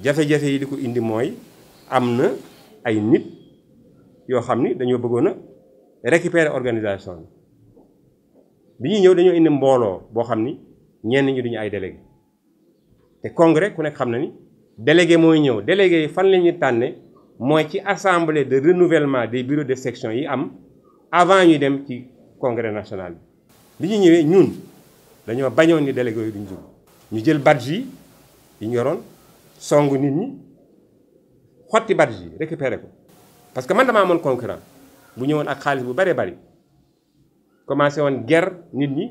jafe-jafe yi di ko indi mooy am na ay nit yoo xam ni dañoo bëggoon a récupérer organisation bi bi ñuy ñëw dañoo indi mbooloo boo xam ni ñenn ñi duñu ay délégué te congrès ku nekk xam na ni délégué mooy ñëw délégué yi fan la ñuy tànne mooy ci assemblée de renouvellement des bureaux de section yi am avant ñuy dem ci congrès national bi. bi ñu ñëwee ñun dañoo bañoon ni délégué yi duñ jóg ñu jël badge yi ñu yoroon. songu nit ñi xotti badge yi récupéré ko parce que man dama amoon concurrent bu ñëwoon ak xaalis bu bare bari commencé woon guerre nit ñi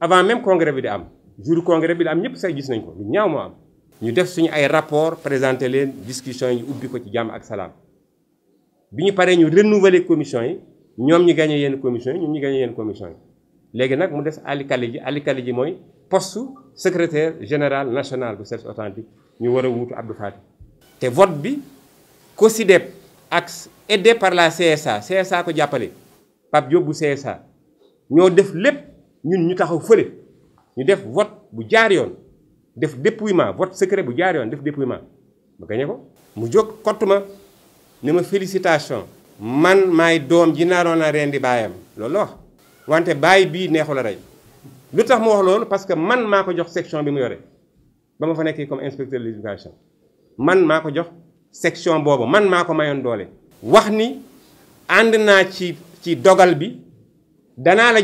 avant même congrès bi di am jour congrès bi di am ñëpp say gis nañ ko lu ñaaw moo am. ñu def suñu ay rapport présenté leen discussion yi ubbi ko ci jàmm ak salaam bi ñu paree ñu renouveler commission yi ñoom ñu gagné yenn commission yi ñoom ñu gagné yenn commission yi léegi nag mu des alikali ji alikali ji mooy poste secrétaire général national bu service authentique ñu war a wuutu Abdou Faty te vote bi ko COSIDEP ak aidé par la CSA CSA ko jàppale pap Diop CSA ñoo def lépp ñun ñu taxaw fële ñu def vote bu jaar yoon def dépouillement vote secret bu jaar yoon def dépouillement ba gagné ko mu jóg kott ma ne ma félicitation man maay doom ji naaroon a rendi baayam loolu la wax wante baay bii neexul a rey lu tax mu wax loolu parce que man maa ko jox section bi mu yore ba ma fa comme inspecteur de l'éducation man maa section boobu man maa ko mayoon wax ni ànd naa ci ci dogal bi la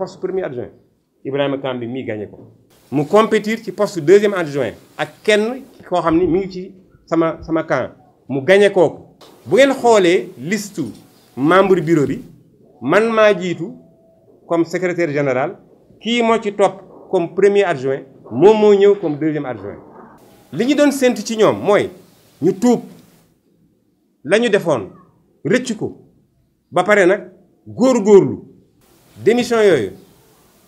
wax premier adjoint Ibrahima mii ko. mu compétir ci deuxième adjoint ak kenn koo xam mi ci sama sama camp mu gagné kooku. bu liste membre bureau bi man maa jiitu comme secrétaire général. kii moo ci topp comme premier adjoint moom moo ñëw comme deuxième adjoint li ñu doon séntu ci ñoom mooy ñu tuub lañu defoon rëcc ko ba pare nag góor-góorlu démission yooyu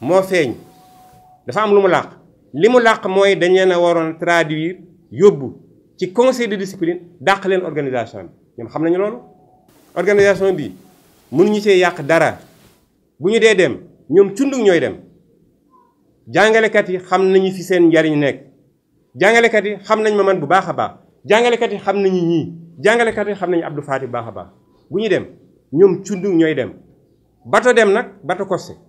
moo feeñ dafa am lu mu làq li mu làq mooy dañ leen a waroon traduire yóbbu ci conseil de discipline dàq leen organisation bi ñoom xam nañu loolu organisation bi mënuñu see yàq dara bu ñu dee dem ñoom cundug ñooy dem jàngalekat yi xam nañu fi seen njariñ nekk jàngalekat yi xam nañ ma man bu baax a baax jàngalekat yi xam nañu ñii jàngalekat yi xam nañu Abdou Faty bu baax a baax bu ñu dem ñoom cundu ñooy dem bato dem nag bato Coste